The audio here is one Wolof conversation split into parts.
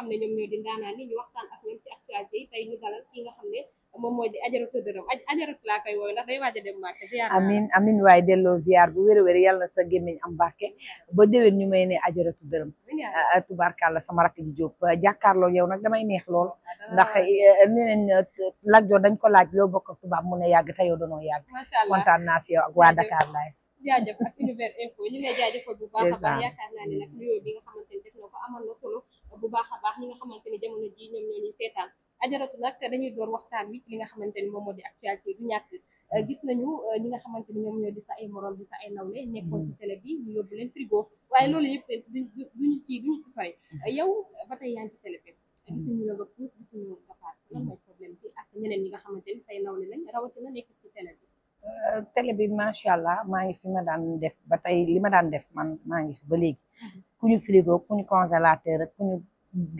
xam amin waaye delloo ziar bu wér a wér yàlla sa gémmiñ am barke ba déwén ñu may ne ajaratu dërëm ah, ah, tubaarkàlla sama rakk ji jóob jàkkaarloo yow nag damay neex lool ah, ndax neneen eh, eh, laaj dañ ko laaj loo bokk tubaab mun a yàgg te yow danoo yàgg kontaan naa si yow ak waa Dakar lay bu baax a baax ñi nga xamante ni jamono ji ñoom ñoo ñuy seetaan ajaratu nag dañuy door waxtaan wi ci li nga xamante ni moom moo di actualité du ñàkk euh, gis nañu euh, ñi nga xamante ni ñoom ñoo di sa ay morom di sa ay nawle nekkoon ci télé bi ñu yóbbu leen frigo ci duñu ci mm-hmm. yow ba tey yaa ngi bi nga xamante ni say nawle lañ rawatina nekk ci télé bi euh, télé macha allah maa ngi fi ma daan def ba tey li ma daan def man maa ngi fi ba léegi mm-hmm. ku ñu frigo ku ñu congélateur rek ku ñu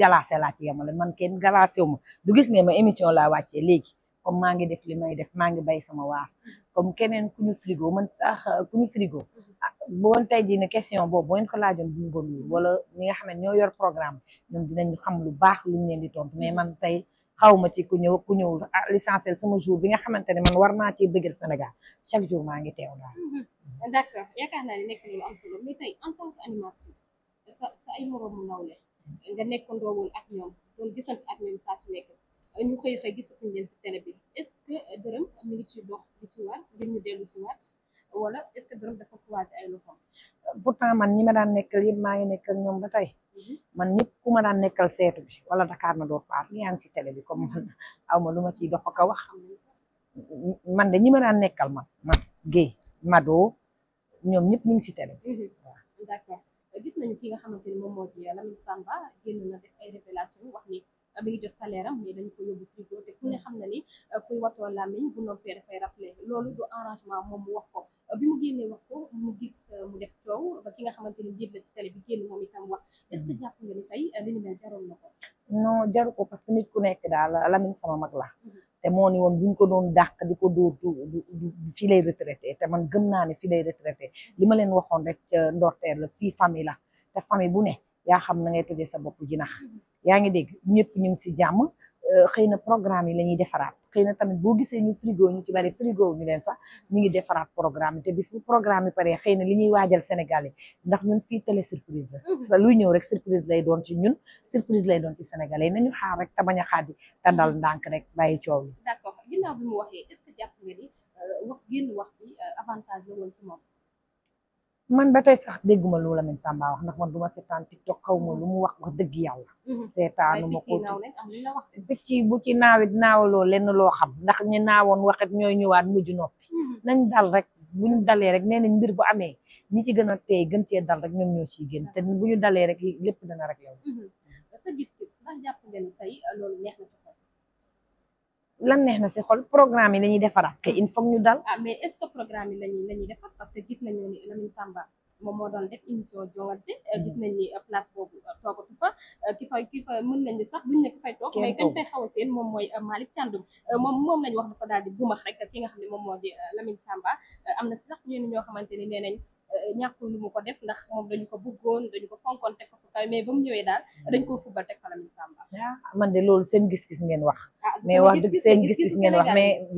galacé laa ci yemale man kenn galacé wu ma du gis ne ma émission laa wàccee léegi comme maa ngi def li may def maa ngi bay sama waar comme keneen ku ñu frigo man sax euh, ku ñu frigo ah boon tey jii ne question boobu bu ngeen ko laajoon duñu ko nuyu wala ñi nga xam ne ñoo yor programme ñoom dinañu xam lu baax lu ñu leen di tontu mais man tey xaw ma ci ku ñëw ku ñëwul ah, l'essentiel sama jour bi nga xamante ne man war naa cee bëggal Sénégal chaque jour maa ngi teew daal. Mm-hmm. d'accord yaakaar naa ne nekk na lu am solo mais tey en tant que animatrice. sa sa ay moroomu nawle nga nekkandoo woon ak ñoom doon gisante ak ñoom saa su nekk ñu xëy xëy gisatuñ leen si télé bi euh, ngi ci dox li ci que dërëm dafa croisé ay loxoom. ñi ma daan nekkal yëpp maa ngi nekkal ñoom ba tey mhm. man ñëpp ku ma daan nekkal seetu bi wala Dakar na door paar ngi ci télé bi comme aw ma ciy dox ko wax man de ñi ma daan nekkal man man Guèye Mado ñoom ñëpp ñu ngi ci télé bi. Mhm. gis nañu ki nga xamante ni moom moo ci Lamine Samba génn na def ay révélation wax ni mi ngi jot salaire am mais dañu ko yóbbu frigo te ku ne xam na ni euh, kuy watoo làmmiñ bu noppee dafay rappelé loolu du arrangement moom mu wax ko euh, bi mu génnee wax ko mu gis euh, mu def coow ba ki nga xamante ni jiit la ci télé bi génn moom itam wax est-ce que jàpp nga ni tey li ni mel jaroon na ko non jaru ko parce que nit ku nekk daal Lamine sama mag la mm-hmm. te moo ni woon buñ ko doon dàq di ko dóor du fii lay retraité te man gëm naa ne fii lay retraité li ma leen waxoon rek ndorteel la fii famille la te famille bu ne yaa xam na ngay tëjee sa boppu jinax mm-hmm. yaa ngi dégg ñëpp ñu ngi si jàmm Euh, xëy na programme yi la ñuy defaraat xëy na tamit boo gisee ñu frigo ñu ci bari frigo ñu leen sax ñu ngi defaraat programme te bis bu programme yi paree xëy na li ñuy waajal Sénégal yi ndax ñun fii télé surprise la mhm. sa luy ñëw rek surprise lay doon ci ñun surprise lay doon ci Sénégalais yi nañu xaar rek te bañ a xaadi te dal mhm. ndànk rek bàyyi coow yi d'accord ginnaaw bi mu waxee est-ce que jàpp nga ni euh, génn wax bi euh, avantage la woon ci man ba tey sax dégguma loo Lamine Samba wax ndax man duma seetaan TikTok xaw ma lu mu wax wax dëgg yàlla mm-hmm. Mm-hmm. seetaanu ma ko picc bu ci naawit naawaloo lenn loo xam ndax ñu naawoon waxit ñooy ñëwaat mujj noppi mm-hmm. nañ dal rek buñu dalee rek nee nañ mbir bu amee ni ci gën a teey gën cee dal rek ñoo ciy gën te bu ñu dalee rek lépp dana rek yow lan neex na si xol programme yi la ñuy defaraat te il faut ñu dal. ah mais est-ce que la ñuy la ñuy defar parce que gis nañu ne Samba moom moo doon def émission jongante mm-hmm. gis nañ ni euh, place boobu euh, toogatu fa euh, ki fa mën nañ ni sax buñ ne ki fay toog mais kañ fay xaw a seen moom mooy Malick Thiandoum moom moom lañ wax dafa daal di bumax rek ki nga xam ne moom moo di Lamine Samba am na si sax ñenn ñoo xamante ni nee nañ Euh, ñàkkul lu ko def moom dañu ko bëggoon dañu ko fonkoon ko fu kaw mm. man de loolu seen gis-gis ngeen wax ah, mais wax dëgg seen gis-gis ngeen wax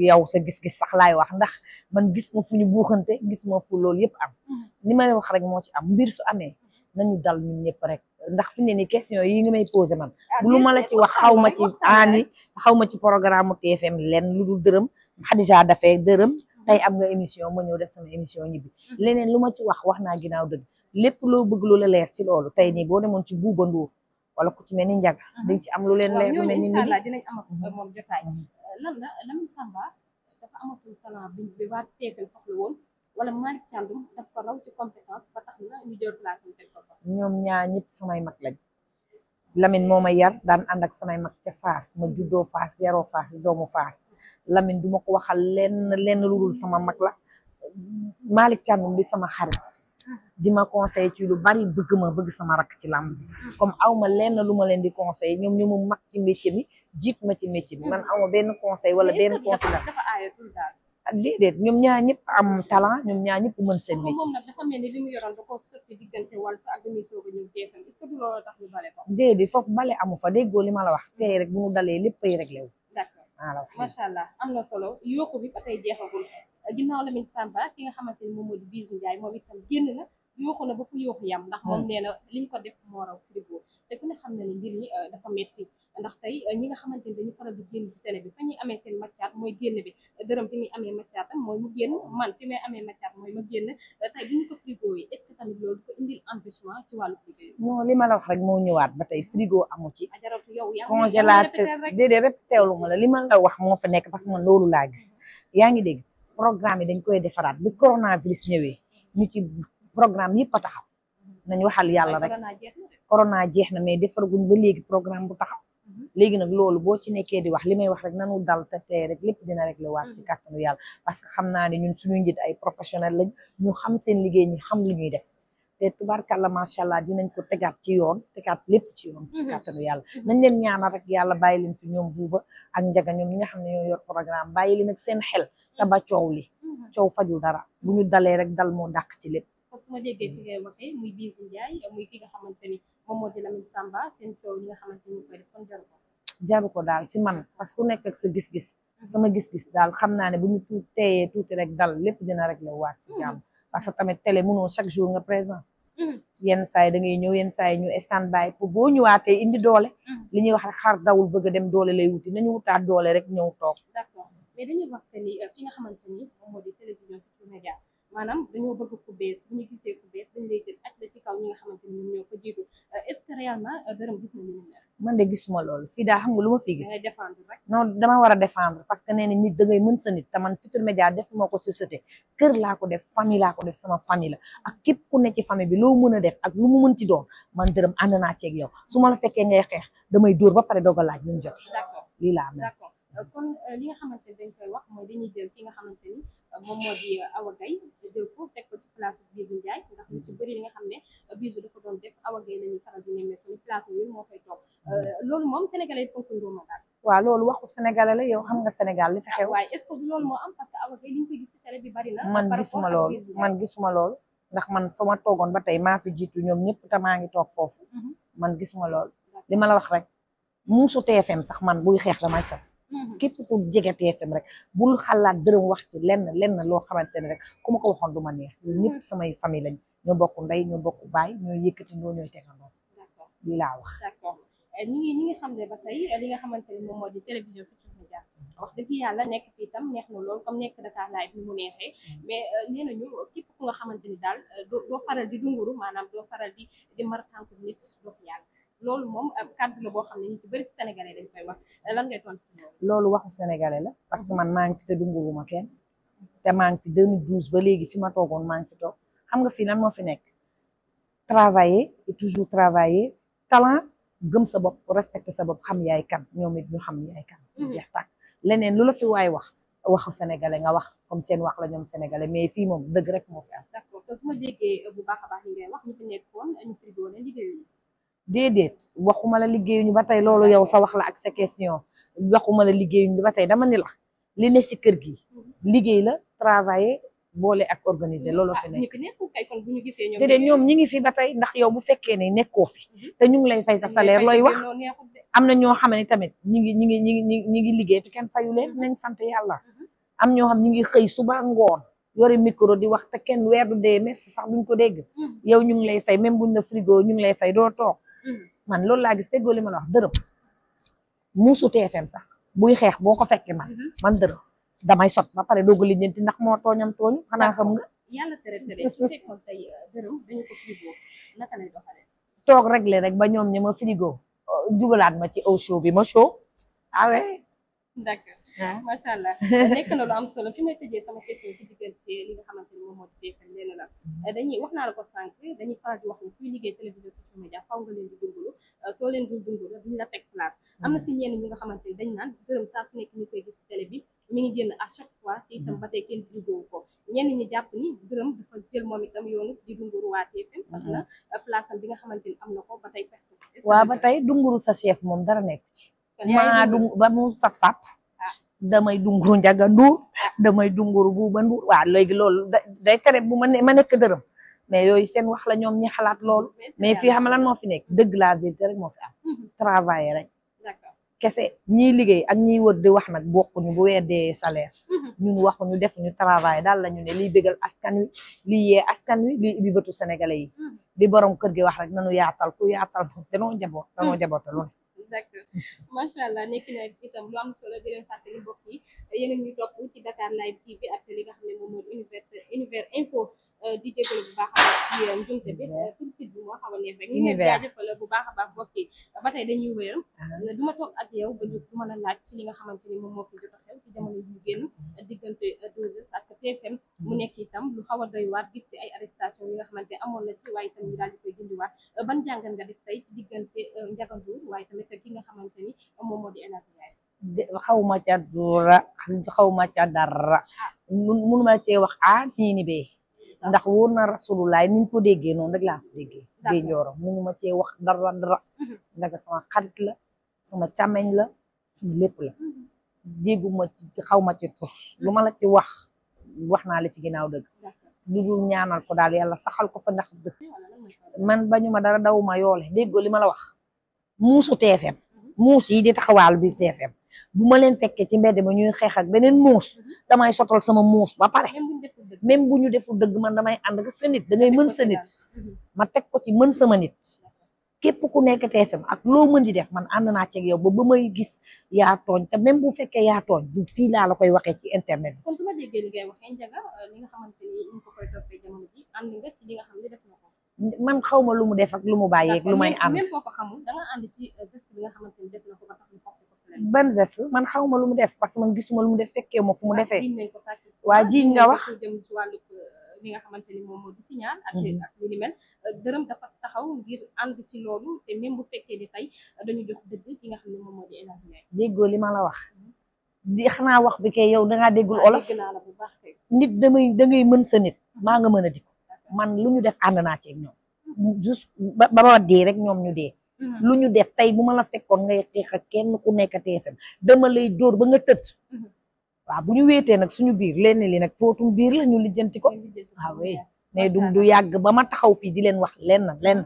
yow sa gis-gis sax laay wax ndax man gis ma fu ñu buuxante gis ma fu loolu yëpp am mm. ni may wax rek moo ci am mbir su amee mm. nañu dal ñun ñëpp rek ndax fi ne ni question yi nga may posé man ah, lu ma la ci wax xaw ma ci aani xaw ma ci programme TFM lenn lu dul dërëm Xadija dafee dërëm tey am nga émission moo ñëw def sama émission ñibbi mm-hmm. leneen lu ma ci wax wax naa ginnaaw dëgg lépp loo bëgg lu la leer ci loolu tey nii boo demoon ci Bouba Ndour wala ku ci mel ni Ndiaga mm-hmm. dañ ci am lu leen leer lu mel ni nii dinañ am ak mm-hmm. euh, bi bi waa TFM na ñu jël place ñu teg ñaar ñëpp samay mat lañ Lamine moo ma yar daan ànd ak samay mag ca faas ma juddoo faas yaroo faas doomu faas Lamine du ma ko waxal lenn lenn lu dul sama mag la Malick Thiandoum di sama xarit di ma conseil ci lu bari bëgg ma bëgg sama rakk ci làmb ji comme aw ma lenn lu ma leen di conseil ñoom ñu mu mag ci métier mi jiit ma ci métier man aw ma benn conseil wala benn conseil déedéet ñoom ñaar ñëpp am talent ñoom ñaar ñëpp mën seen métier. moom nag dafa mel li mu yoroon da ko sotti diggante Walf ak soog a ñëw TFM est-ce que foofu bale amu fa déggoo li ma la wax tey rek bu dalee lépp ay réglé wu. d'accord macha allah am na solo yokku bi ba a jeexagul ginnaaw Lamine Samba ki nga xamante ni moom moo di Bijou Ndiaye moom itam génn na yooxu na ba fu yooxu yam ndax moom hmm. nee li ñu ko def moo raw frigo te ku ne xam ne mbir euh, dafa metti ndax tey euh, ñi nga xamante ni dañu bi amee seen maccaat mooy génn bi dërëm fi muy amee maccaatam mooy mu euh, ci wàllu li ma la wax rek moo ñëwaat ba tey frigo amu ci ajaratu ah, yow yaa congélateur déedéet rek teewlu ma la li ma la wax moo fa nekk parce que man loolu laa gis yaa ngi dégg programme yi dañ koy defaraat bi coronavirus ñëwee ñu ci programme yëpp a taxaw mm-hmm. nañ waxal yàlla rek corona jeex na mais defaraguñ ba léegi programme bu taxaw léegi nag loolu boo ci nekkee di wax li may wax rek nanu dal te tey rek lépp dina rek la waat ci mm. kàttanu yàlla parce que xam naa ne ñun suñu njit ay professionnel lañ ñu xam seen liggéey xam li ñuy def te tubaarkàlla macha allah dinañ ko tegaat ci yoon tegaat lépp ci yoon ci mm-hmm. kàttanu yàlla mm-hmm. nañ leen ñaanal rek yàlla bàyyi leen fi ñoom buuba ak njaga ñoom ñi nga xam ne ñoo yor programme bàyyi leen ak seen xel te ba mm-hmm. coow li coow fajul dara bu ñu dalee rek dal moo dàq ci lépp parce Samba seen coow li nga jaru ko daal si man parce que ku nekk ak sa gis-gis sama gis-gis daal xam naa ne bu ñu tuut teeyee tuuti rek dal lépp dina rek la waat si jàmm mm-hmm. parce que tamit télé mënoo chaque jour nga présent mm-hmm. yenn saa yi da ngay ñëw yenn saa ñu stand by pour boo ñëwaatee indi doole mm-hmm. li ñuy wax rek xar dawul bëgg a dem doole lay wuti nañu wutaat doole rek ñëw toog d'accord maanaam dañoo bëgg ku ñu gisee ku bees dañ lay jël ak euh, euh, man de gisuma loolu fii daa xam nga lu ma fii gis défendre rek dama war a défendre parce que nee na nit da ngay mën sa nit te man Futurs Médias defuma ko société kër laa ko def famille laa ko def sama famille ak képp ku ne ci famille bi loo mën a def ak lu mu mën ci doon man dërëm ànd naa ceeg yow su ma la fekkee ngay xeex damay dóor ba pare doog a laaj ñu jot lii laa am kon euh, li nga xamante ni dañ wax mooy dañuy ki nga xamante ni euh, moom moo di euh, Awa Gaye jël dafa doon def Awa Gaye la ñuy faral di loolu moom sénégalais yi waaw loolu waxu sénégalais yow xam nga Sénégal li fi xew bi bari na man gisuma loolu man gisuma loolu ndax man fa ma toogoon ba tey maa fi jiitu ñoom ñëpp te maa ngi toog foofu mhm. man gisuma loolu li ma la wax rek muusu TFM sax man buy xeex damay cat Mm-hmm. képp ku jege TFM rek bul xalaat dërëm wax ci lenn lenn loo xamante ne rek ku ma ko waxoon du ma neex ñun ñëpp mm-hmm. samay famille lañ ñoo bokk ndey ñoo bokk baay ñoo yëkkati ñoo ñooy tegandoo laa wax d'accord eh, ñi ngi xam ne ba tey eh, li nga xamante ne moom moo di télévision Futurs Médias mm-hmm. wax dëgg yàlla nekk fii tam neex na lool comme nekk Dakar laay ni mu neexee mais eh, nee nañu képp ku nga xamante ni daal doo faral di dunguru maanaam doo faral di di mar tànku nit doo yàlla loolu moom kàddu la boo xam ne ñu ci bëri sénégalais dañ lan ngay tontu loolu waxu sénégalais la parce que man maa ngi fi te dunguwuma kenn te maa ngi fi 2012 ba léegi fi ma toogoon maa ngi fi toog xam fii lan moo fi nekk travailler et toujours travailler talent gëm sa bopp respecter sa bopp xam yaay kan ñoom it ñu xam yaay mhm. leneen lu la fi waay wax waxu sénégalais nga wax comme seen wax la ñoom sénégalais mais fii moom dëgg rek moo fi am d'accord su ma déggee bu baax a baax li fi nekkoon ñu frigo ne liggéeyuñu déedéet waxuma la liggéey ñu ba tey loolu yow sa wax la ak sa question waxuma la liggéeyuñu ba tey dama ni la li ne si kër gi mhm. liggéey la travailler boole ak organiser loolu fi ah, nekk déedéet ñoom ñi ngi fi ba tey ndax yow bu fekkee ne nekkoo fi mhm. te ñu ngi lay fay sa salaire looy wax am na ñoo xam ne tamit ñi ngi ñi ngi ñi ngi ñi ngi liggéey te kenn fayu leen mhm. nañ sant yàlla am ñoo xam ñi ngi xëy suba ngoon yore micro di wax te kenn weer du dee merci sax duñ ko dégg yow ñu ngi lay fay même buñ la frigo ñu ngi lay fay doo toog man loolu laa gis déggoo li ma la wax dërëm muusu TFM sax buy xeex boo ko fekkee man mhm. man dërëm damay sot ba pare doog a lijjanti ndax moo tooñam tooñu xanaa xam nga. yàlla tere tere euh, toog réglé rek ba ñoom ña ma frigo jubalaat euh, ma ci aw show bi ma show. ah waaw ah, macha allah nekk na lu am solo fi may tëjee sama question moom mm-hmm. wax naa la ko sànq dañuy faral wax ni kuy liggéey télévision euh, soo leen dul dungalu duñ la teg place mm-hmm. am si ñenn ñi nga xamante ni dañ naan gërëm saa ñu koy gis si télé mi ngi génn à chaque fois te itam mm-hmm. ba tey kenn frigoowu ko ñenn ñi jàpp ni gërëm dafa jël moom itam yoonu di dunguru waa TFM euh, parce bi nga xamante ni am na ko waaw ba tey dunguru sa chef moom dara nekku ci ma du ba mu saf-saf damay dunguru Njaga Nduur damay dunguru Buuba Nduur waa léegi loolu day tere bu ma ne ma nekk dërëm mais yooyu seen wax la ñoom ñi xalaat lool mais fii xam lan moo fi nekk dëgg la vérité moo fi am mhm. travailler rek kese ñiy liggéey ak ñiy wër di wax nag bokkuñu bu weddee salaire mhm. ñun waxuñu defuñu travail daal la ñu ne liy bégal askan wi liy yee askan wi liy ubbi bëtu sénégalais yi di mhm. borom kër gi wax rek nanu yaatal ku yaatal danoo jaboot danoo jaboote loolu d'accord macha allah nekk na itam lu am solo di leen fàttali mbokk yi yéen ñu topp ci Dakar Live TV ak li nga xam ne moom info. Euh, di jégalu bu baax a baax ci euh, euh, a bu baax a baax bokk yi ba tey dañuy wéyal ah. du ma toog ak yow ba ñu mën a laaj ci li nga xamante ni moom moo fi jot a xew ci jamono mm-hmm. mm-hmm. mu nekk itam lu xaw a doy waar ay arrestation yi nga xamante amoon na ci waaye itam ñu daal di koy dindiwaat ban jàngat nga def tey ci diggante Ndiaga Ndour waaye tamit ki nga xamante ni moom moo di El Hadji xaw ma ca dara xaw ma ca ah. wax a ah, nii bee ndax wóor na rasulullah ni ñu ko déggee noonu rek laa ko déggee géey njooro munuma cee wax dara dara mhm. ndaga sama xarit la sama càmmeñ la sama lépp la mhm. dégguma ci xaw ma ci tus lu ma la ci wax wax naa la ci ginnaaw dëgg lu dul ñaanal ko daal yàlla saxal ko fa ndax dëgg man dara dawuma yoole déggoo li ma la wax muusu TFM muus yi di taxawaalu biir TFM bu ma leen fekkee ci mbedd ma ñuy xeex ak beneen muus damay sotal sama muus ba pare même bu ñu deful dëgg man damay ànd ak sa nit da ngay mën sa nit ma teg ko ci man sama nit képp ku nekk TFM ak loo mën di def man ànd naa ceeg yow ba ba may gis yaa tooñ te même bu fekkee yaa tooñ du fii laa la koy waxee ci internet bi. kon li nga xam ne def man xaw ma lu mu def lu mu bàyyeeg lu may am. même ko xamul da ci geste bi nga xamante ni def ban geste man xaw ma lu mu def parce que man gisuma lu mu def fekkee ma fu mu defee. waa jiñ nga wax dem ci wàllu li nga xamante ni moom moo di signal. ak ak lu ni taxaw ngir ànd ci loolu même bu fekkee ni tey dañu jox dëgg ki nga xam déggoo li ma la wax. di xanaa wax bi kay yow dangaa déggul olof. nit damay dangay mën sa nit maa nga mën a dikk man lu ñu def ànd naa ci ñoom juste ba ma dee rek ñoom ñu de mhm. lu ñu def tey bu ma la fekkoon ngay xeex ak kenn ku nekk TFM dama lay dóor ba nga tëdd mhm. waaw bu ñu wéetee nag suñu biir lenn li nag pootum biir la ñu lijjanti ko waaw ah mais du du yàgg ba ma taxaw fii di leen wax lenn lenn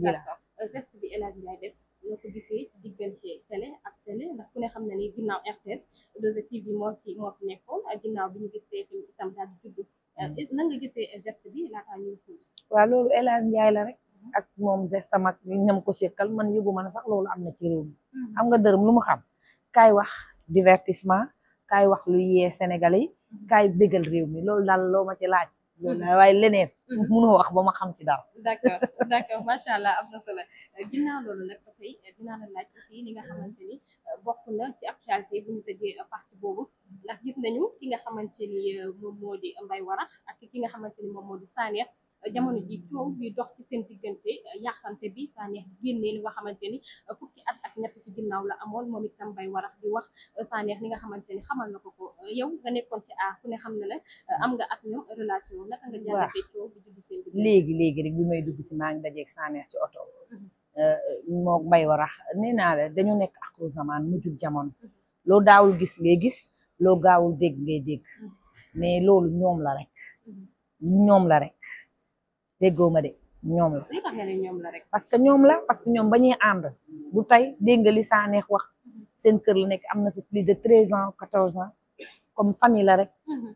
mhm. ah, nga gisee ci diggante télé ak télé ndax ku ne xam na ni ginnaaw RTS 2STV moo ci moo fi nekkoon ginnaaw bi ñu gis TFM itam daal di judd euh, mm-hmm. gisee geste bi laataa ñuy puus loolu El Hadj la rek ak moom geste mag ñam ko sekkal man yóbbu ma ne sax loolu am na ci réew mi mm-hmm. am nga dërëm lu mu xam kaay wax divertissement kaay wax lu yee Sénégalais yi mm-hmm. kaay bégal réew mi loolu daal loo ma ci laaj loolu hmm. waaye leneen. Hmm. mënoo wax ba ma xam ci dara. d'accord d'accord macha allah am na solo ginnaaw loolu nag ba tey dinaa laaj li nga xamante ni euh, bokk na ci actualité bu ñu tëjee partie boobu ndax gis nañu ki nga xamante ni euh, moom moo di Mbaye Warax ak ki nga xamante ni moom moo di Sanekh jamono mm. ji coow bi dox ci seen diggante yaaxante bi saa neex di génnee li nga xamante ni fukki at ak ñett ci ginnaaw la amoon moom itam bay warax di wax saa neex li nga xamante ni xamal na ko ko yow nga nekkoon ci aar ku ne xam ne ne am nga ak ñoom relation naka nga jàngatee bi dugg seen diggante léegi léegi rek bi may dugg ci maa ngi dajeeg saa neex mm-hmm. moo mbay warax nee naa la dañu nekk akru zaman mujjub jamono mm-hmm. loo daawul gis ngay gis loo gaawul dégg ngay dégg mm-hmm. mais loolu ñoom la rek ñoom la rek déggoo ma de ñoom la. ñoom la rek. parce que ñoom la parce que ñoom ba ñuy ànd. bu tey dégg nga li Sanekh wax seen kër la nekk am na fi plus de treize ans quatorze ans comme famille la rek. Mm-hmm.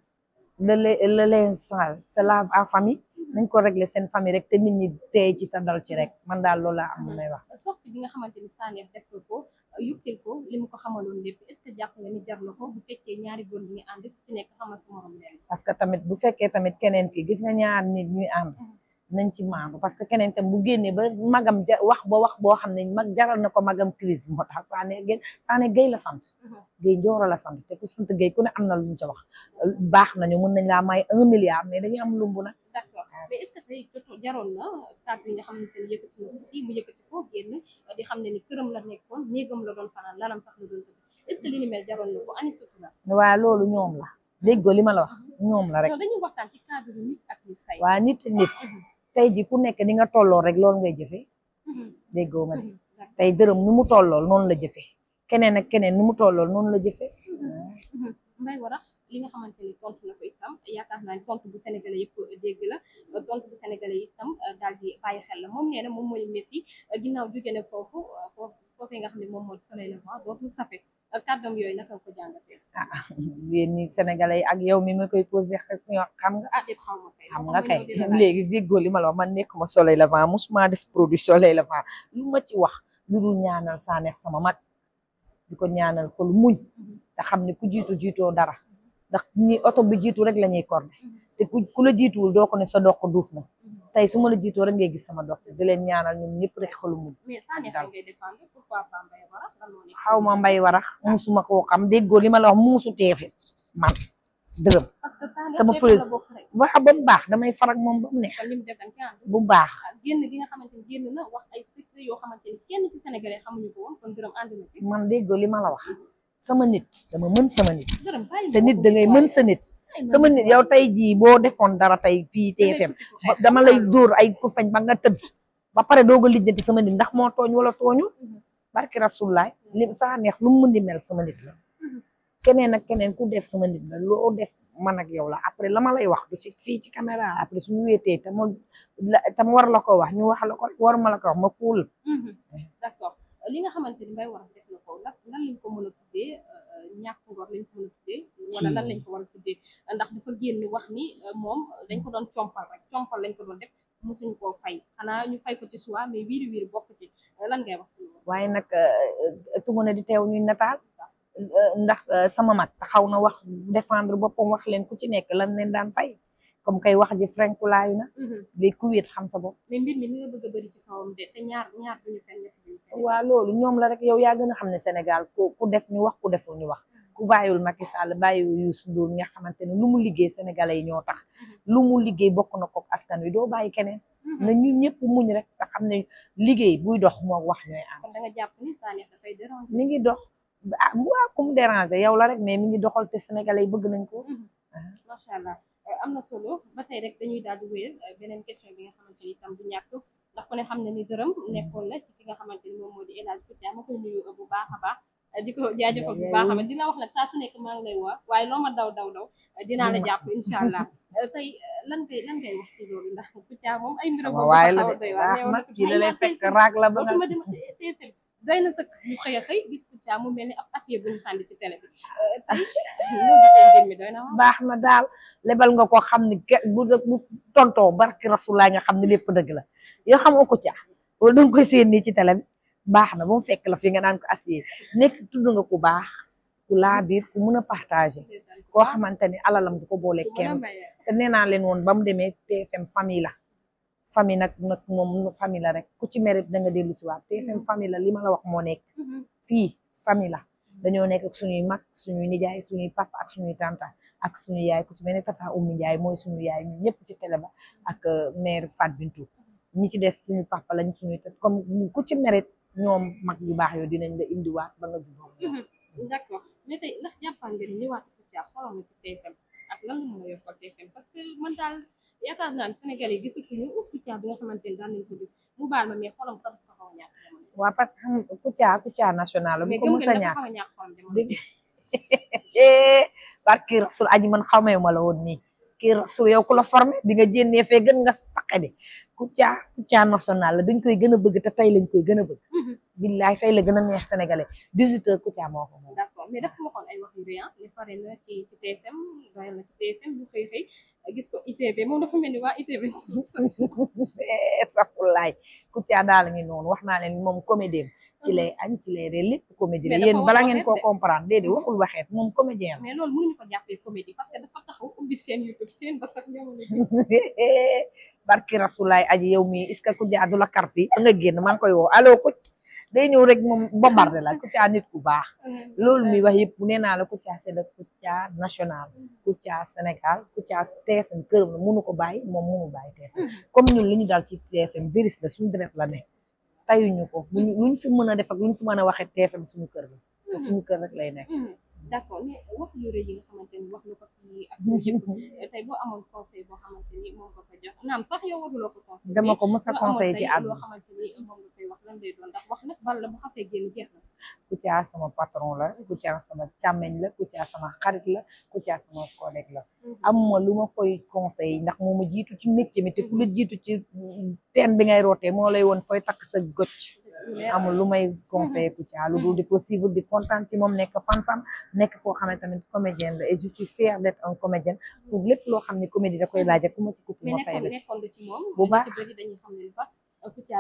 le le linge sale la en famille. nañ ko réglé seen famille rek te nit ñi tey ci te dal ci rek man daal loolu laa am may wax. Mm-hmm. sortie bi nga xamante ni Sanekh def ko yukkil ko li mu ko xamaloon lépp est ce que ko ñaari góor ñi ànd ci nekk xamal sa morom leen. parce que tamit bu fekkee tamit keneen ki gis nga ñaar ñuy ànd. Mm-hmm. nañ ci maandu parce que keneen tam bu génnee ba magam ja wax ba wax boo xam ne mag jaral na ko magam crise moo tax la sant mhm. Gueye la sant te ku sant Gueye ku ne am na lu ñu ca wax baax nañu mën nañ laa may un mais dañuy am lumbu nag d'accord mais est-ce yi nga xamante ne yëkkati di xam ne ni këram la nekkoon néegam la doon fanaan lalam sax la doon tëdd est-ce jaroon na ko loolu ñoom la déggoo li ma la wax ñoom la rek dañuy waxtaan ci waa nit nit tey ji ku nekk ni nga tolloo rek loolu ngay jëfe mm-hmm. déggoo ma de mm-hmm. tey dërëm nu mu tollool noonu la jëfe keneen ak keneen nu mu tollool noonu la jëfe Mbaye mm-hmm. Wara li nga xamante ni tontu na ko itam yaakaar naa ni bu sénégalais yëpp dégg la tontu bu sénégalais itam daal di bàyyi xel la moom nee moom mooy Messi ginnaaw jóge na foofu foofu nga xam ne moom mooy Soleil Levant dootul safe ak kàddoom yooyu naka ni ko ah, yi ak yow mi ma koy posé question xam nga. ah xam nga kay léegi déggoo li ma la wax man nekkuma soleil levant musuma def produit soleil levant lu ma ci wax lu dul ñaanal saa neex sama mat di ko ñaanal ko muñ te xam ne ku jiitu jiitoo dara ndax ñi oto bu jiitu rek lañuy ñuy mm-hmm. te ku la jiituwul doo ko ne sa doq duuf na. tey su ma la jiitoo rek ngay gis sama dox di leen ñaanal ñoom ñëpp rek xolu mu xaw ma mbay warax musuma koo xam déggoo li ma la wax muusu teefe man dërëm sama fële wax ba mu baax damay farak moom ba bu baax génn gi man déggoo li ma la wax sama nit dama mën sama nit te nit da ngay sa nit sama nit yow tey jii boo defoon dara tey fii TFM dama lay dóor ay kurfañ ba nga tëdd ba pare doo a lijjanti sama nit ndax moo tooñ wala tooñu mhm. barki rasulaay li saa neex lu mu mën di mel sama nit la mhm. keneen ak ku def sama nit la loo def man ak yow la après la ma lay wax du ci fii ci caméra après suñu wéetee te ma te ma war la ko wax ñu wax la ko war ma la ko wax ma kuul kaw nag lañ ko mën a tuddee euh, ñàkk ngor lañ ko mën a tuddee hmm. lan lañ ko war ndax dafa génn wax ni euh, moom dañ ko doon compal rek compal lañ ko doon def musuñ koo fay xanaa ñu fay ko ci suwa mais wiiri wiiri bokk ci lan ngay wax suñu waaye nag euh, tumuna di teew ñuy nataal ndax sama mag taxaw na wax défendre boppam wax leen ku ci nekk lan leen daan fay comme kay wax ji frankulaayu na léegi mhm. ku wéet xam sa bopp mais waaw loolu ñoom la rek yow yaa gën a xam ne Sénégal ku def ñu wax ku deful ñu wax mhm. ku bàyyiwul Macky Sall bàyyiwul Youssou nga xamante ne lu mu liggéey sénégalais yi ñoo tax mhm. lu mu liggéey bokk na ko askan wi doo bàyyi keneen na ñu ñëpp muñ rek te xam ne liggéey buy dox moo wax ñooy am jàpp mi ngi dox ah waa ku mu déranger yow la rek mais mi ngi doxal te sénégalais yi bëgg nañ ko ah. macha am na solo ba tey rek dañuy daal bu wéyal euh, beneen question bi nga xamante ni itam du ñàkk ndax ku ne xam na ni dërëm nekkoon na ci nga xamante ni moom moo di El Hadj Koutia euh, a euh, di ko jaajëfal bu a dina wax nag saa su nekk maa ngi lay wax waaye loo ma daw daw daw dinaa la jàpp incha allah tey lan ngay lan ngay wax ndax Koutia moom ay mbiram boobu xaw a doy waar waaye la fekk raag la ba nga doy na sëkk ñu xëy a xëy ah, mu mel ni ab acier bu ñu sànni ci télé bi euh, ah. tey loolu mbir mi doy na baax na daal lebal nga ko xam ni bu bu tontoo barki rasulaay nga xam ni lépp dëgg la yoo xamoo Kouthia wala da nga koy séen nii ci télé baax na ba mu fekk la fi nga naan ko acier nekk tudd nga ku baax ku laa biir ku mën a koo xamante ni alalam du ko boole kenn nee naa leen woon ba mu demee TFM famille la famille nag nag moom famille la rek ku ci mérite da nga dellu si waat TFM mhm. famille la li ma la wax moo nekk mhm. fii famille la mhm. dañoo nekk ak suñuy mag suñuy nijaay suñuy papa ak suñuy tanta ak suñu yaay ku ci mel ne tata Oumy Ndiaye mooy suñu yaay ñëpp ci télé ak euh, mère Fat Bintou ñi ci des suñu papa lañ suñuy tat comme ku ci mérite ñoom mag yu baax yooyu dinañ la indiwaat ba nga juddoo. d'accord mais tey a yaakaar naa ne Sénégal yi gisatuñu Kouthia bi nga xamante ne daan nañ ko gis mu baal ma mais xolam sax dafa xaw a ñàkk. waaw parce que xam national bu ko a ñàkk man xamee la woon nii kii rasul yow ku la formé bi nga jénnee fee gën nga paqe de Kouthia Kouthia national dañ koy gën a bëgg te tey lañ koy gën a bëgg mm-hmm. billaay tey la gën a neex sénégalais wax yu ah, gis ko ITV moom dafa mel ni waa ITV. Eh, safulaay Kouthia daal ngi noonu wax naa leen moom comédien ci lay uh-huh. añ ci lay réer lépp comédien la bala ngeen koo comprendre déedéet waxul waxeet moom comédien la. mais loolu mënuñu ko jàppee comédie barki rasulaay aji yow mii est-ce que Kouthia du la kar fii génn maa ngi koy woo day ñëw rek moom bombardé la Kouthia nit ku baax mm-hmm. loolu muy mm-hmm. wax yëpp nee naa la Kouthia c'est le Kouthia national mm-hmm. Kouthia Sénégal Kouthia TFM këram la mënu ko bàyyi moom mënu bàyyi TFM comme ñun li ñu dal ci TFM virus la suñu deret la nekk tayuñu ko luñ fi mën a def ak luñ fi mën a waxee TFM suñu kër la te suñu kër rek lay nekk d' accord mais wax yu rëy sax yow ko conseil ci àdduna loo xamante ni moom nga koy wax lan lay doon la bu xasee génn sama la Kouthia sama càmmeñ la Kouthia sama xarit la Kouthia sama collègue la mhm. amuma lu ma koy conseil ndax moo ma jiitu ci métier mi te ku la mhm. jiitu ci mm, teen bi ngay rootee moo lay woon fooy takk sa gocc amul lu may conseillé Kouthia lu dul di possible di kontaan ci moom nekk fan-fan nekk koo xam ne tamit comédienne la et je suis fière lépp loo xam ne comédie da koy laaja ku ma ci coupe ma fay la ci bu baax dañuy xam ne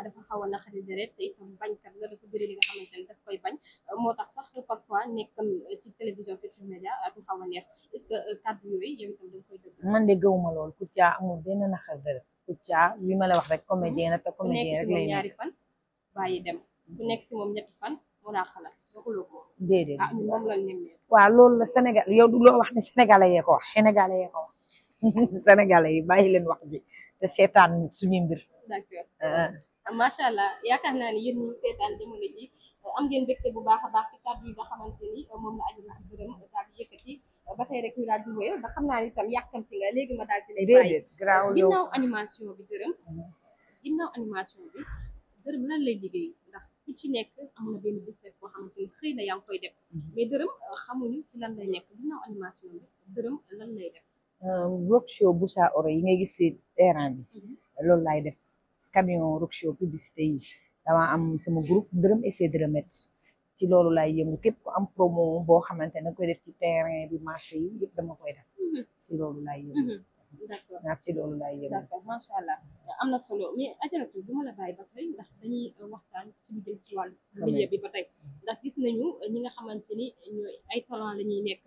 dafa a naqari deret te itam bañkat la dafa bëri li nga xamante ne daf koy bañ moo tax sax parfois nekkam ci télévision Futurs Médias du xaw a neex est que euh, kàddu yooyu man de gëwuma lool Kouthia amul benn naqari deret Kouthia li ma la wax rek comme comédien la te comédien rek lay ñaari bàyyi dem bu nekk si moom ñetti fan mu laa xalaat waxuloo ko déedéet ah, la nemmee Sénégal yow du loo wax ne sénégalais yee ko wax sénégalais yee ko wax yi bàyyi leen wax ji te seetaan suñu mbir d'accord ah. ah, macha allah yaakaar naa ne yéen ñi seetaan jamono ji am ngeen mbégte bu baax a baax ci kàddu yi nga xamante ni moom la aji wax gërëm daal di yëkkati ba tey rek ñu daal di wéyal da xam naa ni animation bi gërëm ginnaaw animation bi dërëm lan lay liggéey ndax ku ci nekk am na benn business boo xamante xëy na yaa koy def mm-hmm. mais dërëm euh, xamuñu ci lan lay nekk ginnaaw animation bi dërëm lan lay def euh, rock show Boucha Oro yi ngay gis si terrain bi mm-hmm. loolu laay def camion rock show publicité yi dama am sama groupe dërëm essayer de ci loolu laay yëngu képp ku am promo boo xamante ne koy def ci terrain bi marché yi yëpp dama koy def si mm-hmm. loolu laay yëngu ak ci loolu laay yëngu. d'accord macha allah am na solo mais ajaratu du ma la bàyyi ba ndax dañuy euh, waxtaan ci lu jëm ci wàllu milieu bi ba tey ndax gis nañu euh, ñi nga xamante ni ñooy ay talent la ñuy nekk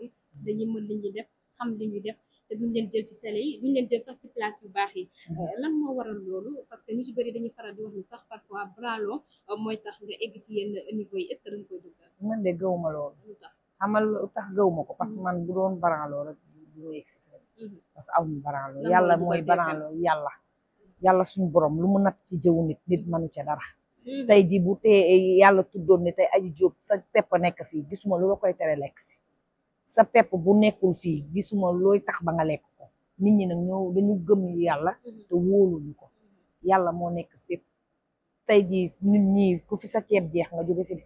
dañuy mën li ñuy def xam li ñuy def te duñ leen jël ci télé yi duñ leen jël sax ci place yu baax yi mm-hmm. euh, lan moo waral loolu parce que ñu ci bari dañuy faral di wax ni sax parfois bralon mooy tax nga egg ci yenn niveau yi est-ce que dañ koy dugal. man de gëwuma loolu. xamal tax gawuma ko parce que mm-hmm. man bu doon branloo rek du yegg Mhm. parce que awuñu baraanlu yàlla mooy baraanlu yàlla yàlla suñu borom lu mu natt ci jëwu nit nit manu ca dara mhm. tey ji bu tee yàlla tuddoon ne tey aji jóob sa pepp nekk fii gisuma lu koy tere lekk si sa pepp bu nekkul fii gisuma looy tax ba nga lekk ko nit ñi nag ñoo dañu gëm yàlla mhm. te wóoluñu ko yàlla moo nekk fépp tey ji nit ñi ku fi sa ceeb jeex nga jóge fi de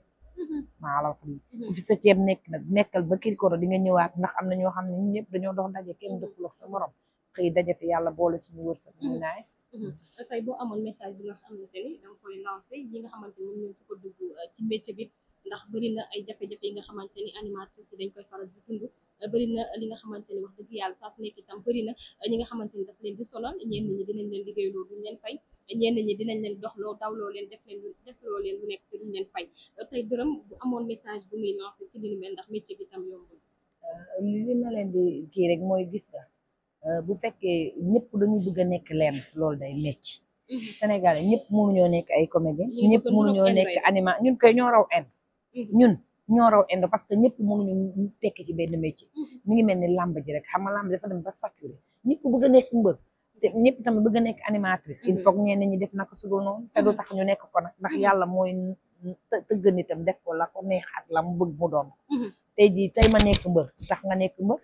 maa la wax lii mhm. fi sa ceeb nekk nag nekkal ba kirikoro di nga ñëwaat ndax am na ñoo xam ne ñun ñëpp dañoo dox daje kenn mhm. dëkkul ak sa morom xëy daje fi yàlla boole suñu wërsëg muy mhm. sa tey boo amoon message bi nga xamante ni danga koy lancé ñi nga xamante ni ñoo euh, ci métier bi ndax bëri na ay jafe yi nga xamante ni animatrice yi dañ koy faral di dund bëri na li nga xamante ni wax dëgg yàlla saa su nekk itam bëri na ñi nga xamante ni daf leen di sonal ñenn ñi dinañ leen liggéeyloo duñ leen fay ñenn ñi dinañ leen doxloo dawloo leen def leen defloo leen lu nekk te duñ leen fay tey dërëm bu amoon message bu muy lancé ci li ni mel ndax métier bi tam yombul euh, li ma leen di kii rek mooy gis nga euh, bu fekkee ñëpp dañu bëgg a nekk leen loolu day métti mhm. Sénégal ñëpp mënuñoo nekk ay comédien ñëpp mënuñoo nekk anima ñun koy ñoo raw en mhm. ñun ñoo raw Inde parce que ñëpp ñu tekki ci benn métier mm-hmm. mi ngi mel ni làmb ji rek xam nga làmb dafa dem ba saturé ñëpp bëgg a nekk mbër te ñëpp tamit bëgg a nekk animatrice il faut mm-hmm. ñenn ñi def naka su dul noonu te du mm-hmm. tax ñu nekk ko nag ndax yàlla mooy tëgg nitam def ko la ko neex ak la mu bëgg doon tey jii tey ma nekk mbër tax nga nekk mbër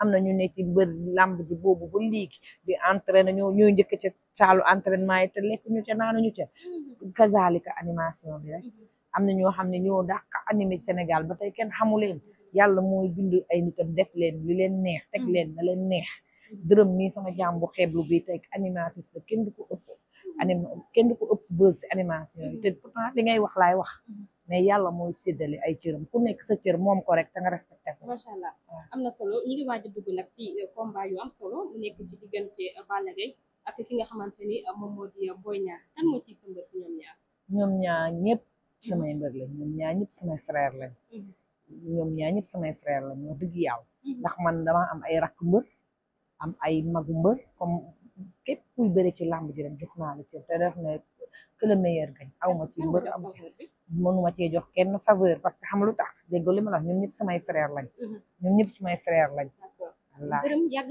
am na ñu ne ci mbër làmb ji boobu ba léegi di entraîné ñoo ñoo njëkk ca saalu entraînement yi te lekk ñu ca naanuñu ca kazalika animation rek am na ñoo xam ne ñoo dàq animé Sénégal ba tey kenn xamu leen yàlla mooy bind ay nitam def leen li leen neex teg leen na leen neex dërëm mii sama jàmbu xeeblu bi tey animatrice la kenn du ko ëpp anima kenn du ko ëpp bës si animation te pourtant li ngay wax laay wax mais yàlla mooy séddale ay cëram ku nekk sa cër moom ko rek te nga respecté ko. macha allah am na solo ñu ngi waaj dugg nag ci euh, combat yu am solo mu nekk ci diggante Balla Gaye ak ki nga xamante ni euh, moom moo ñoom ñaar. ñoom samay mbër lañ ñoom ñaar ñëpp samay frère lañ ñoom ñaar ñëpp samay frère lañ wax dëgg yàlla ndax man dama am ay rakk mbër am ay magu mbër comme képp kuy bëre ci làmb ji rek jox naa la ci te def ne que le meilleur gañ aw ma ci mbër am mënuma cee jox kenn faveur parce que xam lu tax dégg li ma la wax ñoom ñëpp samay frère lañ mhmm. ñoom ñëpp samay frère lañ voilà gërëm yàgg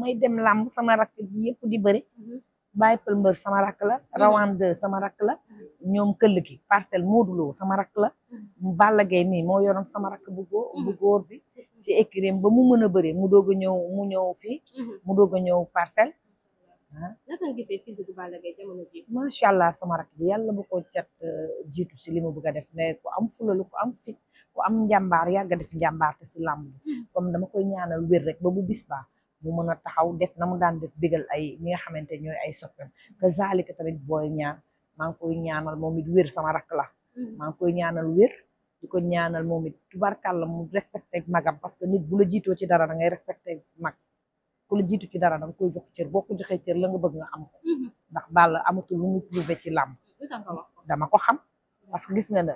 may dem làmb di bëri mhmm. Baye Pël Mbër sama rakk la mhm. Rawane 2 sama rakk la ñoom këll ki parcelle Modou Lo sama rakk la mhm. Balla Gaye mii moo yoroon sama rakk bu góor bu mhm. góor bi si écrim ba mu mën a bëri mu doog ñëw mu ñëw fii mu doog ñëw parcel ah naka nga gisee physique Balla Gaye jamono ji sama rakk bi yàlla bu ko cat euh, jiitu si limu mu a def mais ku am fulalu ku am fit ku am njàmbaar yàgg a def njàmbaar te si làmb bi comme dama koy ñaanal wér rek ba bu bis baa mu mën a taxaw def na mu daan def bégal ay ñi nga xamante ñooy ay soppem que zaalika tamit booy ñaan maa ngi koy ñaanal moom it wér sama rak la mm-hmm. maa ngi koy ñaanal wér di ko ñaanal moom it tubarkàlla mu respecté magam parce que nit bu la jiitoo ci dara da ngay respecté mag ku la jiitu ci dara da nga koy jox cër boo ko joxee cër la nga bëgg nga am mm-hmm. ndax Balla amatul ci làmb dama ko xam parce que gis nga ne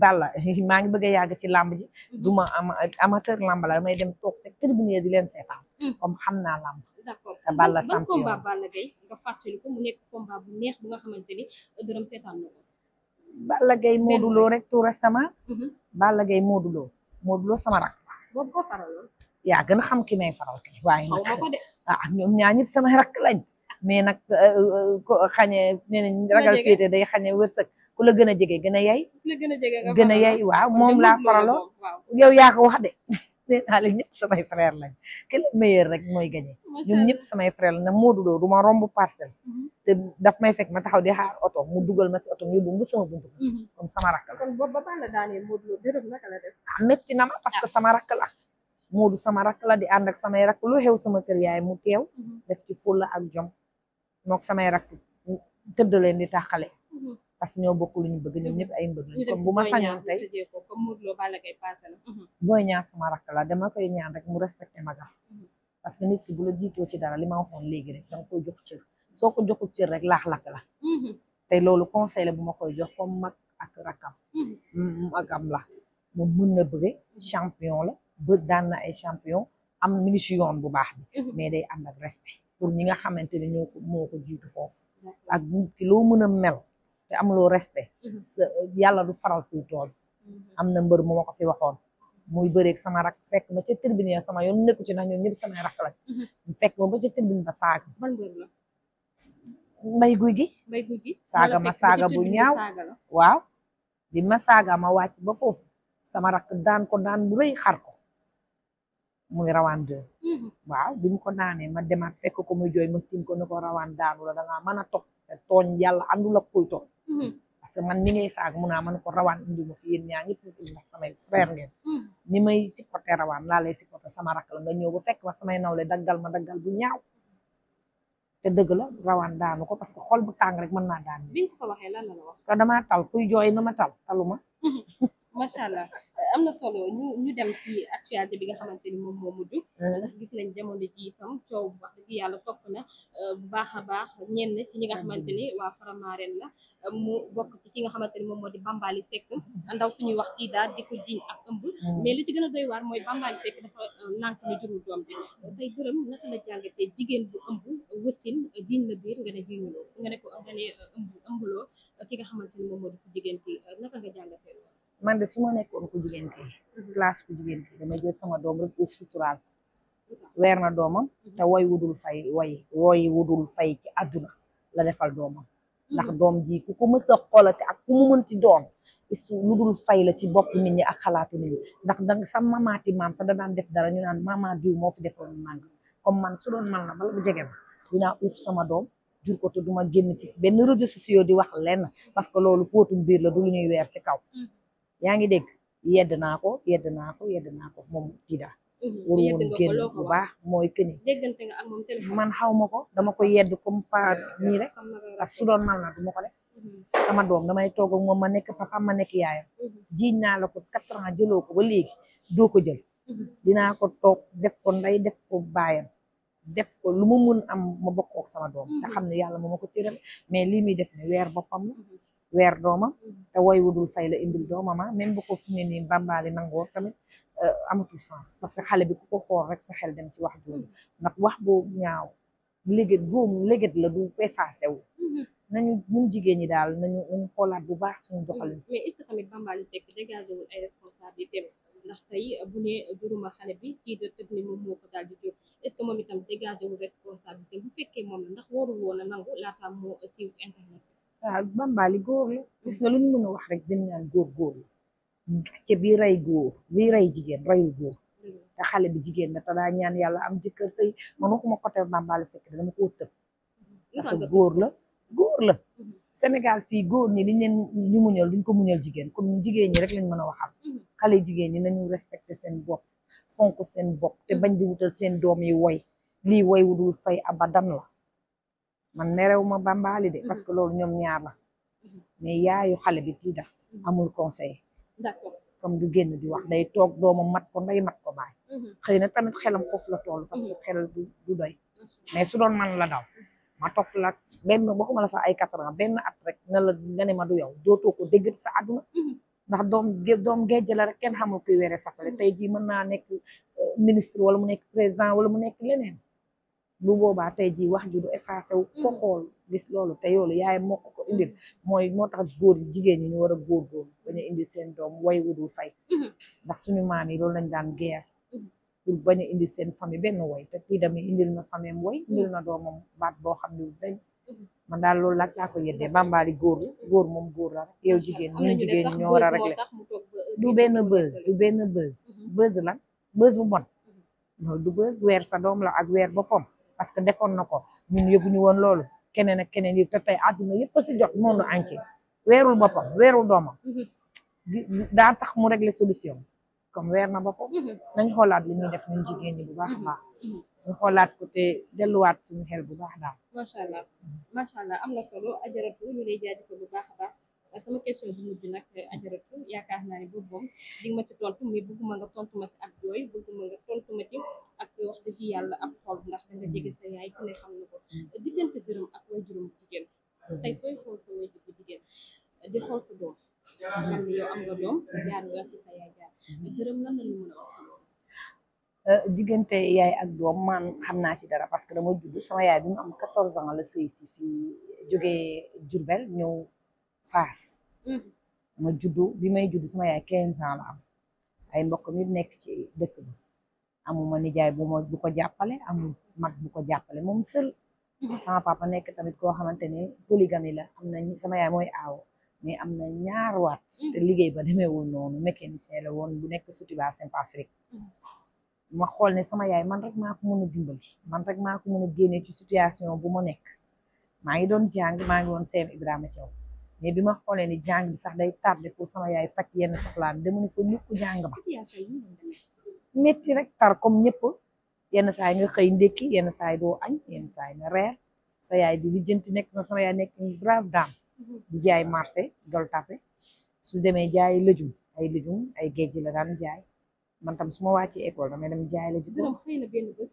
Balla maa ngi bëgg a yàgg ci làmb ji mm-hmm. du ma am amateur làmb la damay dem toog te tribune di leen seetaan mm-hmm. comme xam naa làmb d'accord te Balla sant combat Balla Gaye nga rek tout restement mm-hmm. Balla Gaye Modou Lo sama rak boobu yaa gën xam ki may faral kay waaye nag ah ñoom ñaa ñëpp sama rak lañ mais nag euh, euh, xañe nee ragal féete day xañe wërsëg ku la gën a jege gën a yay. gën waaw moom laa faraloo. yow yaa wax de nee naa samay frère lañ que le meilleur rek mooy gagné. ñun ñëpp samay frère lañ nag Modou Lo du ma romb parcelle. Mhm. te daf may fekk ma taxaw di xaar oto mu dugal ma si oto mu yóbbu mu sama buntu. comme mhm. sama rakk la. kon ah, que ah. sama rakk la. sama rakk la di ànd ak samay rakk lu xew sama kër yaay mu teew. Mhm. def ci fulla ak jom mook samay rakk tëdd leen di tàqale. parce que ñoo bokk lu ñu bëgg ñoom ñëpp ay mbëgg lañ kon bu ma sañoon tey booy la dama koy ñaan rek mu respecté magam parce que nit ki bu la jiitoo ci dara li ma waxoon léegi rek danga koy jox cër soo ko joxul cër rek laax-lakk la te loolu conseil la bu ma koy jox comme mag ak rakkam mm-hmm. mm, magam la moom mën na bëgge champion la bë daan na ay champion am mi ngi yoon bu baax mm-hmm. mais day ànd ak respect pour ñi nga xamante ne ñoo moo ko jiitu foofu ak nit ki loo mën a mel te amuloo respect mhm. yàlla du faral kuy tooñ mhm. am na mbër mu ma ko fi waxoon muy bëreeg sama rak fekk ma ca tribune ya sama yoon nekku ci na ñoom ñëpp samay rak lañ mhm. fekk ma ba ca tribune ba saaga mbay guy gi mbay saaga ma saaga bu ñaaw waaw di ma saaga ma wàcc ba foofu sama rak daan ko daan bu rëy xar ko muy rawaan deux waaw bi mu ko naanee ma demaat fekk ko mu jooy ma tiim ko ne rawaan daanu la dangaa mën a toog te tooñ yàlla àndul ak kuy tooñ mm-hmm. parce que man ni saak saag mun naa man ko rawaan indi ma fi yéen ñaa ñëpp indi ndax samay frère ngeen mm-hmm. ni may supporté rawaan laa lay supporté sama rak la nga ñëw ba fekk ma samay nawle daggal ma daggal bu ñaaw te dëgg la rawaan daanu ko parce que xol bu tàng rek mën naa daan bi nga tal kuy jooy na ma tal taluma mm-hmm. macha allah eh, am na solo ñu dem ci actualité bi nga xamante ni moom moo mujj. Eh. ndax gis nañ jamono ji itam coow bu wax dëgg yàlla topp na eh, bu baax a baax ñenn ci ñi nga xamante ni waa Faramaren la mu bokk ci ki nga xamante ni moom moo di Bambaly Seck ndaw suñuy wax ci daal di ko jiñ ak ëmb. Hmm. mais li ci gën a waar mooy Bambaly Seck dafa nànk ni jurul doom bi tey gërëm jàngatee jigéen bu ëmb wëssin jiñ la biir nga ne nga ne ko nga ne ki nga xamante ni moom di jigéen ki naka nga jàngatee man de su ma nekkoon ku jigéen kay place mhm. ku dama jël sama doom rek uuf suturaal weer na doomam mhm. te woy wudul fay woy woy wudul fay ci àdduna la defal doomam mhm. ndax doom ji ku ko mës a xoolate ak ku mu mënti doon istu fay la ci bopp nit ñi ak xalaatu nit ñi ndax da sa mamaati maam sa danaan def dara ñu naan mama diw moo fi defoon man comme man su doon man la bala bu jege ma dinaa uuf sama doom jur ko te duma génn ci benn réseaux sociaux di wax lenn parce que loolu póotum biir la du lu ñuy weer ci kaw yaa ngi dégg yedd naa ko yedd naa ko yedd naa ko moom Dida mhm. génn bu baax mooy këni man xaw ma ko dama ko yedd comme par nii rek parce que doon man la du ko def mhm. sama doom damay toog ak moom ma nekk papa ma nekk yaayam mhm. jiiñ naa la ko quatre ans jëloo ko ba léegi doo ko jël dinaa ko toog def ko nday def ko baayam def ko lu ma mun am ma bokkook sama doom te xam ne yàlla moo ma ko cëral mais lii muy def ne weer boppam la weer doomam te woy wudul say la indil doomama même bu ko fi ne nii bambaali nangoor tamit euh, amatul sens parce que xale bi ku ko xool rek sa xel dem ci wax jooju ndax wax boobu ñaaw léget góomu léget la du effacé wu mhm. nañu jigéen ñi daal nañu nañu bu baax suñu doxalin mhm. mais est ce que xale bi kii de tëb moom moom itam dégagé responsabilité bu fekkee moom la ndax warul woon a nangu laataa moo siiw internet waaw Bambaali góor la gis nga lu ñu mën a wax rek dañ naan góor góor la gàcce bi rey góor bi rey jigéen reyul góor te xale bi jigéen la te daa ñaan yàlla am jëkkër sëy man waxuma côté Bambaali Seck dama ko tëb parce que góor la góor la Sénégal fii góor ñi liñ leen ñu muñal duñ ko muñal jigéen kon jigéen ñi rek lañ mën a waxal xale jigéen ñi nañu respecté seen bopp fonk seen bopp te bañ di wutal seen doom yi woy lii woy wudul fay abadan la man nerew ma bambaali de parce que mm-hmm. loolu ñoom ñaar la mm-hmm. mais yaayu xale bi tiida mm-hmm. amul conseil d'accord du génn di wax day toog doomam mat ko nday mat ko baay xëy na tamit xelam foofu la toll parce que xelal du doy mais su doon man la daw ma toog la benn waxuma la sax ay quatre ans benn at rek na la nga ma du yow dootoo ko dégg sa àdduna ndax doom doom géej la rek kenn xamul kuy were safale tey jii mën naa nekk euh, ministre wala mu nekk président wala mu nekk leneen lu boobaa tey jii wax ju du effacé wu mm. xool gis loolu te yoolu yaay mokk ko indil mm. mooy moo tax góor jigéen ñi ñu war a góorgóorlu bañ a indi seen doom way fay mm-hmm. ndax suñu maam yi loolu lañ daan geer mm-hmm. pour indi seen famille benn way te kii tamit indil na famille am way mm. indil na doomam baat boo xam ne dañ mm-hmm. man daal loolu laaj laa ko góor góor moom góor la rek yow jigéen ñun jigéen ñoo war a réglé du benn euh, bës du benn bës bës la bës bu bon loolu du bës weer sa doom la ak weer boppam parce que defoon na ko ñun yëguñu woon loolu keneen ak keneen yëg te tey àdduna yëpp si jot monde entier weerul boppam weerul doomam mhm. daa tax mu régler solution comme weer na boppam mhm. nañ xoolaat li ñuy def ñun jigéen ñi bu baax a mhm. baax ñu xoolaat ko te delluwaat suñu xel bu baax daal allah macha allah am solo ajaratu ñu lay jaajëfal bu baax a sama question bu mujj nag eh, ajaratu yaakaar naa ne boobu moom di ma ci tontu ma si ak jooy bëgguma nga ma ak wax yàlla ab xol xam diggante gërëm ak way juróom jigéen tey sooy xool euh, diggante yaay ak doom man xam naa ci dara parce que dama judd sama yaay bi mu am quatorze ans la sëy si fii jógee Jurbel ñëw faas mm-hmm. ma juddu bi may juddu sama yaay quinze ans am ay mbokkam yu nekk ci dëkk bi amuma nijaay bu ma bu ko jàppale am mag bu ko jàppale moom sël mm-hmm. sama papa nekk tamit koo xamante ne polygamie la am na sama yaay mooy aw mais am na ñaar waat mm-hmm. te liggéey ba demeewul noonu mécanicien la woon bu nekk sutiba simp Afrique ma xool ne sama yaay man rek maa ko mën dimbali man rek maa ko mën a génne ci situation bu ma nekk maa ngi doon jàng maa ngi woon seem Ibrahima Thiaw mais bi ma xoolee ni jàng bi sax day tardé pour sama yaay faj yenn soxlaam dama ne fa ñukk jàng ba métti rek tar comme ñëpp yenn saay nga xëy ndékki yenn saay doo añ yenn saay na reer sa yaay di lijjanti nekk na sama yaay nekk une brave dame di jaay marsé Gueule Tapée su demee jaay lëjum ay lëjum ay géej la daan jaay man tam su ma wàccee école damay dem jaay la jiko xëy na benn bés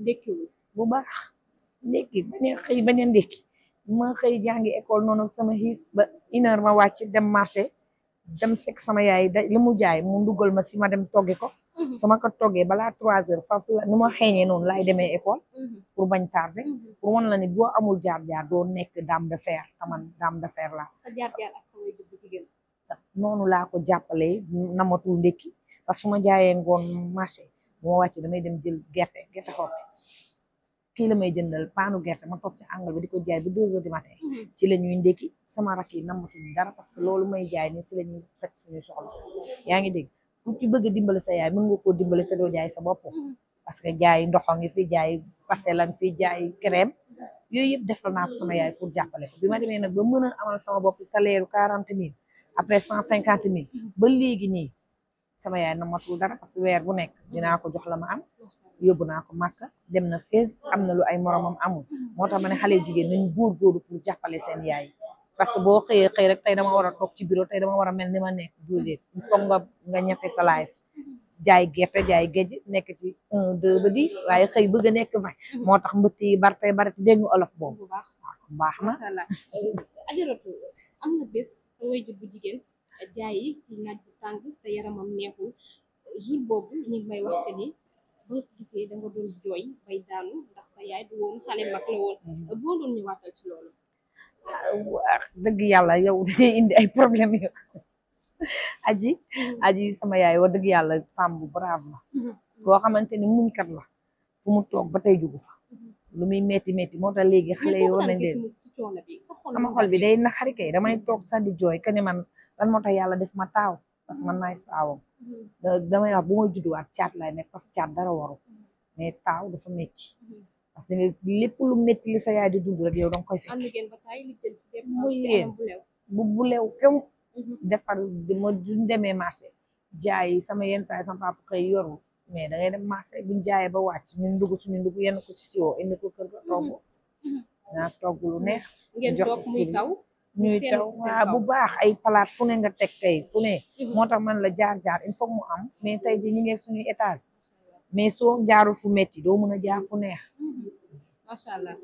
ndékkiwul bu baax ndékki bañ xëy bañ a ma xëy jàngi école noonu sama xiis ba une ma wàcc dem marché dem fekk sama yaay da mu jaay mu dugal ma si ma dem togge ko mhm. sama ko toggee balaa trois heures faf nu ma xeeñee noonu laay demee école mhm. pour bañ tardé mhm. pour wan la ni amul jaar-jaar doo nekk dame de fer taman dame de fer noonu laa ko jàppale namatul ndékki parce que ma jaayee ngoon marché bu ma damay dem jël gerte gerte xott kii la may jëndal paanu gerte ma toog ci angle bi di ko jaay ba deux heures du matin mhm. ci la ñuy ndékki sama rak yi nammatuñu dara parce que loolu may jaay ni si la ñuy faj suñuy soxla yaa ngi dégg ku bëgg dimbali sa yaay mën nga koo dimbali jaay sa bopp mhm. parce que jaay ndox ngi fi jaay pastel a ngi fi jaay crème yooyu yëpp defal naa ko sama yaay pour jàppale ko bi ma demee nag ba mën a amal sama bopp salaire quarante mille après cent cinquante mille ba léegi nii sama yaay nammatul dara parce weer bu nekk dinaa ko jox la ma am yóbbu naa ko màkk dem na fees am na lu ay moromam amul moo tax ma ne xale jigéen nañ góor góoru pour jàppale seen yaay parce que boo xëyee xëy rek tey dama war toog ci bureau tey dama war a mel ni ma nekk duulee il nga nga ñafe sa jaay gerte jaay géej nekk ci un waaye xëy bëgg nekk vingt moo tax mbëtt yi bar tey olof boobu waaw ah, baax na ajaratu euh, am na bu jigéen jaay may wax que ni boo mm-hmm. ah, dëgg yàlla yow dangay indi ay problème yo aji mm-hmm. aji sama yaay wa dëgg yàlla femme bu brave la boo mm-hmm. xamante ni muñkat la fu mu toog ba tey jugu fa lu muy metti metti moo tax léegi xale yoo nañ sama xol bi day naxari kay damay toog sax di jooy que man lan moo tax yàlla def ma taaw parce que man maay saawam damay wax bu may judduwaat caat lay nekk parce que caat dara waru mm-hmm. mais taaw dafa métti mm-hmm. parce que lépp lu métti li sa yaay di dund rek yow danga koy fekk mu yéen bu lew kem mm-hmm. defar ma duñ demee marché jaay sama yenn saay sama papa xëy yoru mais da ngay dem marché buñ jaayee ba wàcc ñun dugg suñu dugg yenn ko ci siwo indi ko kër ga togg naa togg lu neex jox muy taw ñuy taw bu baax ay palaat fu ne nga teg tey fu ne mhm. moo tax man la jaar-jaar il faut mu am mais tey ji ñu ngi suñuy étage mais soo jaarul fu metti doo mun a jaar fu neex mhm. macha allah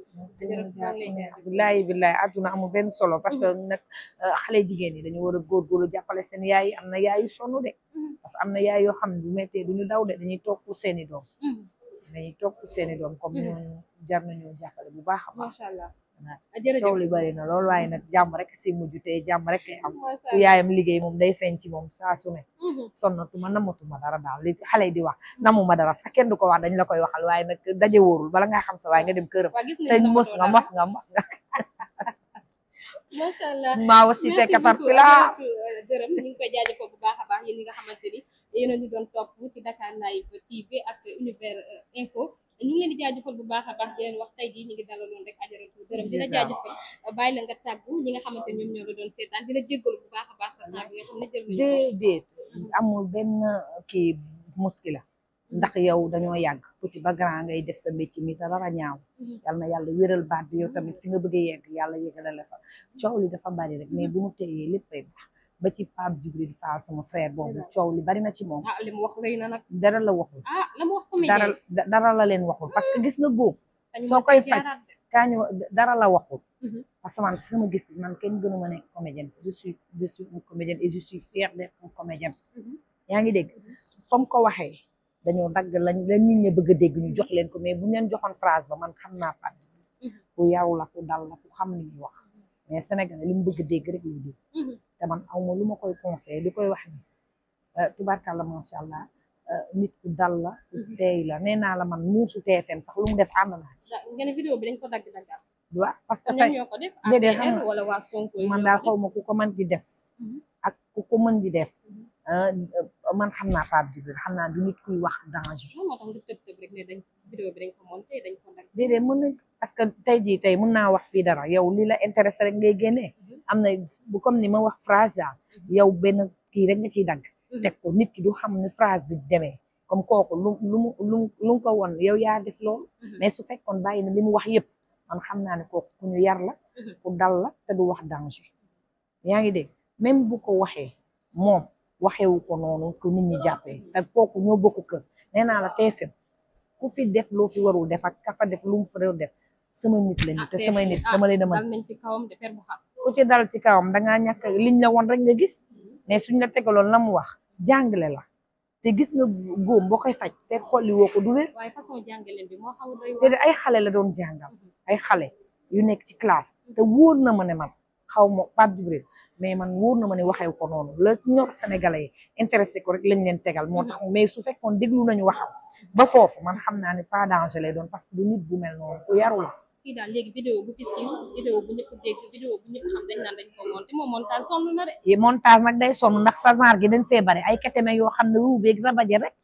bilaay bilaay àdduna amul benn solo parce que mhm. nag euh, xale jigéen ñi dañu war a góor jàppale seen yaay am na yaay yu sonn de parce que am na yaay yoo xam ne bu méttee duñu daw de dañuy toog seeni doom dañuy toog pour seeni doom comme ñooñu jar nañoo jàppale bu baax a baax macha allah coow li bari na loolu waaye nag jàmm rek si mujj te jàmm rek am ku yaayam liggéey moom day feeñ ci moom saa su ne mm-hmm. sonnatuma namatuma dara daal li xale yi di wax namuma dara sax kenn du ko wax dañ la koy waxal waaye nag daje wóorul bala nga xam sa waaye nga dem këram te mos nga mos nga mos nga macha allah maa euh, a baax nga xamante ni yéen a ñu ñu ngi leen di bu baax a baax di leen wax tey jii ñu ngi dalaloon la jaajëfal bàyyi la nga tàggu ñi nga xamante ñoom ñoo sa bi nga xam ne jël ngay def sa métier mi dara ñaaw mhm. yal na yàlla wéral baat yow tamit fi nga bëggee a yegg yàlla yégala la fa coow li dafa bari rek mais bu mu téyee léppay baax ba ci Pape Djibril Fall sama frère boobu coow li bari na ci moom. Ah, li mu wax rëy na nag. dara la waxul. ah la mu wax dara la leen waxul parce que gis nga góob. soo koy faj kaañu dara la waxul. Mhm. parce que man sama gis man kenn gënu ma nekk comédienne je suis je suis une comédienne et je suis fière mhm. yaa ngi dégg mhm. fam ko waxee dañoo dagg lañ la nit ñi bëgg a ñu jox leen ko mais bu ñu leen joxoon phrase ba man xam naa Pape. ku yaru la ku dal la ku xam ni ñu wax. mais Sénégal li mu bëgg dégg rek lay dégg mhm. te man aw ma lu ma koy conseillé di koy wax ni euh, tubarkàlla macha allah euh, nit ku dal la ku mhm. la nee naa la man muusu TFM sax lu mu def ànd naa ci nga ne ko dagg parce que tey déedéet xam nga man daal xaw ku ko man ji def mhm. ak ku ko mën di def Euh, man xam naa Pape Djibril xam naa du nit kuy wax danger. déedéet mën nañ parce que tey jii tey mën naa wax fii dara yow li la intéressé rek ngay génnee mhm. am na bu comme ni ma wax phrase daal mhm. yow benn kii rek nga ciy dagg mhm. teg ko nit ki du xam ni phrase bi demee comme kooku lu lu lu lu ko woon yow yaa def loolu mais su fekkoon bàyyi na li mu wax yëpp man xam naa ne kooku ku ñu yar la ku dal la te du wax danger yaa ngi dégg même bu ko waxee moom waxewu ko noonu ku nit ñi jàppee te kooku ñoo bokk kër nee naa la TFM ku fi def loo fi warul def ak ka def lu mu fa def sama nit lañu te sama nit dama leen a mën ah, ah, ku ci dal ci kawam dangaa ñàkk liñ la woon rek nga gis mm-hmm. mais suñ la tegaloon la mu wax jàngale la te gis nga góom boo koy faj fekk xolli woo ko du wér te ay xale la doon jàngal mm-hmm. ay xale yu nekk ci classe te wóor na ma ne man xaw ma Pape Djibril mais man wóor na ma ne waxew ko noonu la ñor sénégalais yi intéressé ko rek lañ leen tegal moo tax mais su fekkoon déglu ñu waxam ba foofu man xam naa ne pas danger lay doon parce que du nit bu mel noonu ku yaru la daal léegi vidéo bu bu ñëpp dégg vidéo bu ñëpp xam dañ naan dañ ko monté montage sonn na de montage nag day sonn ndax sa genre gi dañ fee bari ay keteme yoo xam ne na rabaje rek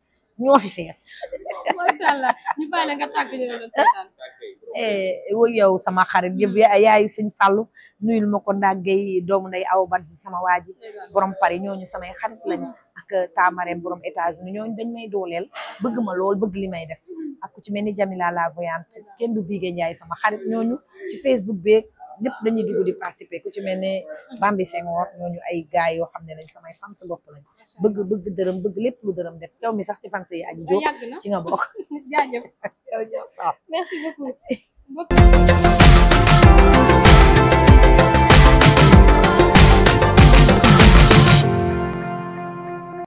ñoo fi fees Eh, yow sama xarit yëpp mm. yaayu sëñ Fallou nuyul ma ko ndàggay doomu nay aw ban si sama waa ji borom Paris ñooñu samay xarit lañ mm. ak euh, taamareem borom États-Unis ñooñu dañ may dooleel bëgg ma lool bëgg li may def ak ku ci mel ni Jamila la voyante kenn du biige Njaay sama xarit ñooñu ci Facebook beeg ñëpp dañuy dugg di participer ku ci mel ne Bambi Senghor ñooñu ay gars yoo xam ne lañ samay fans bopp la bëgg bëgg dërëm bëgg lépp lu dërëm def taw mi sax ci fans yi aji jóg ci nga bokk